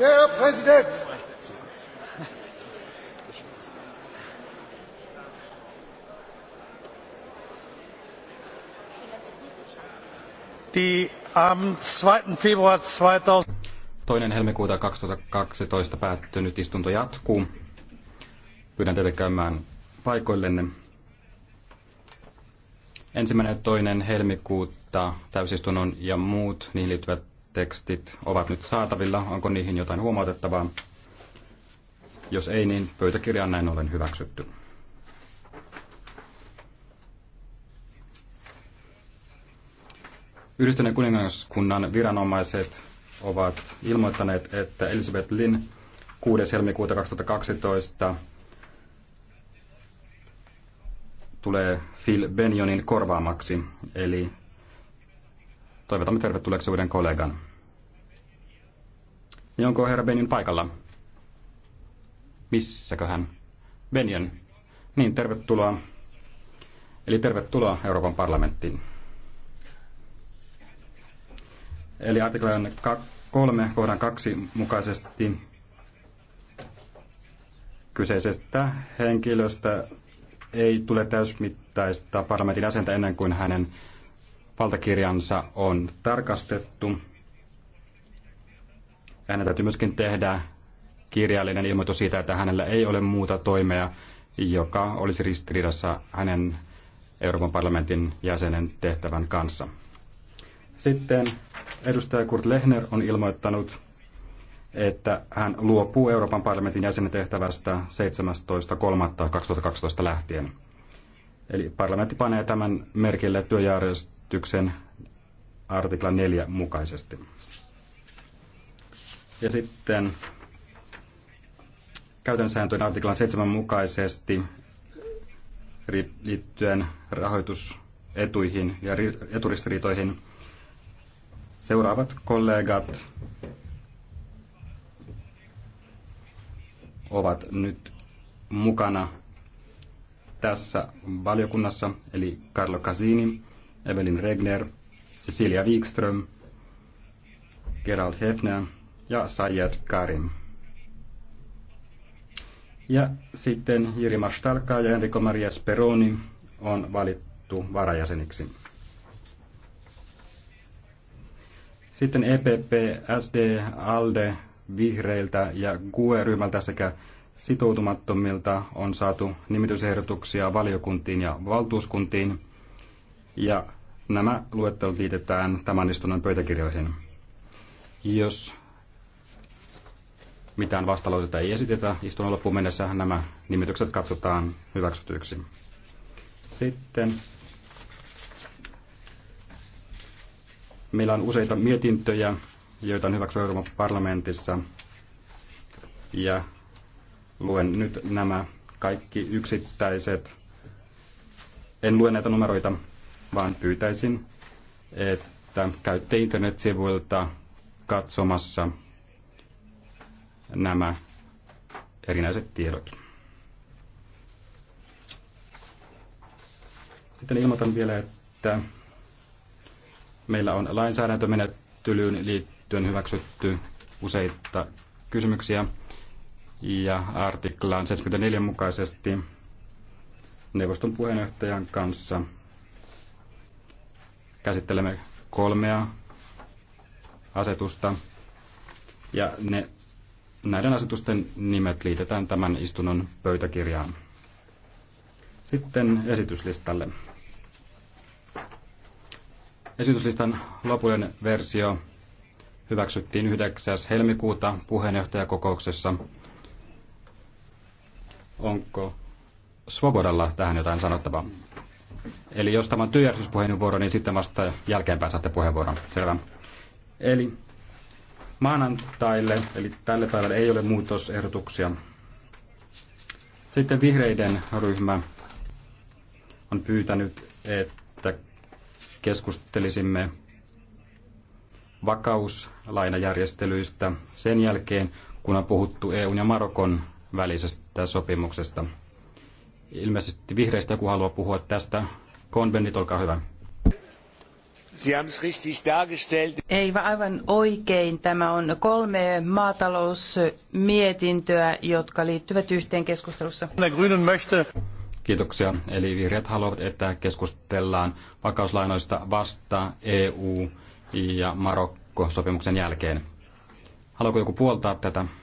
Herr Präsident! Die am 2. Februar 2000 Toinen helmikuuta 2012 päättynyt istunto jatkuu. Pyydän teitä käymään paikoillenne. Ensimmäinen ja toinen helmikuuta täysistunnon ja muut niihin liittyvät tekstit ovat nyt saatavilla. Onko niihin jotain huomautettavaa? Jos ei, niin pöytäkirja näin ollen hyväksytty. Yhdistyneen kuningaskunnan viranomaiset ovat ilmoittaneet, että Elizabeth Lynn 6. helmikuuta 2012 tulee Phil Benjonin korvaamaksi, eli Toivotamme tervetulleeksi uuden kollegan. Ja onko herra Benin paikalla? Missäkö hän? Benjen. Niin, tervetuloa. Eli tervetuloa Euroopan parlamenttiin. Eli artiklan 3 kohdan 2 mukaisesti kyseisestä henkilöstä ei tule täysmittaista parlamentin jäsentä ennen kuin hänen valtakirjansa on tarkastettu. Hänen täytyy myöskin tehdä kirjallinen ilmoitus siitä, että hänellä ei ole muuta toimea, joka olisi ristiriidassa hänen Euroopan parlamentin jäsenen tehtävän kanssa. Sitten edustaja Kurt Lehner on ilmoittanut, että hän luopuu Euroopan parlamentin jäsenen tehtävästä 17.3.2012 lähtien. Eli parlamentti panee tämän merkille työjärjestyksen artikla 4 mukaisesti. Ja sitten käytännön sääntöjen artiklan 7 mukaisesti liittyen rahoitusetuihin ja eturistiriitoihin seuraavat kollegat ovat nyt mukana tässä valiokunnassa, eli Carlo Casini, Evelyn Regner, Cecilia Wikström, Gerald Hefner ja Sayed Karim. Ja sitten Jiri Mastalka ja Enrico Maria Speroni on valittu varajäseniksi. Sitten EPP, SD, ALDE, Vihreiltä ja GUE-ryhmältä sekä sitoutumattomilta on saatu nimitysehdotuksia valiokuntiin ja valtuuskuntiin, ja nämä luettelut liitetään tämän istunnon pöytäkirjoihin. Jos mitään vastalausetta ei esitetä, istunnon loppuun mennessä nämä nimitykset katsotaan hyväksytyiksi. Sitten meillä on useita mietintöjä, joita on hyväksytty Euroopan parlamentissa, ja Luen nyt nämä kaikki yksittäiset. En lue näitä numeroita, vaan pyytäisin, että käytte internetsivuilta katsomassa nämä erinäiset tiedot. Sitten ilmoitan vielä, että meillä on lainsäädäntömenettelyyn liittyen hyväksytty useita kysymyksiä ja artiklaan 74 mukaisesti neuvoston puheenjohtajan kanssa käsittelemme kolmea asetusta ja ne, näiden asetusten nimet liitetään tämän istunnon pöytäkirjaan. Sitten esityslistalle. Esityslistan lopullinen versio hyväksyttiin 9. helmikuuta puheenjohtajakokouksessa Onko Svobodalla tähän jotain sanottavaa? Eli jos tämä on työjärjestyspuheenvuoro, niin sitten vasta jälkeenpäin saatte puheenvuoron. Selvä. Eli maanantaille, eli tälle päivälle ei ole muutosehdotuksia. Sitten vihreiden ryhmä on pyytänyt, että keskustelisimme vakauslainajärjestelyistä sen jälkeen, kun on puhuttu EUn ja Marokon välisestä sopimuksesta. Ilmeisesti vihreistä joku haluaa puhua tästä. Konventit, olkaa hyvä. Ei aivan oikein. Tämä on kolme maatalousmietintöä, jotka liittyvät yhteen keskustelussa. Kiitoksia. Eli vihreät haluavat, että keskustellaan vakauslainoista vasta EU- ja Marokko-sopimuksen jälkeen. Haluaako joku puoltaa tätä?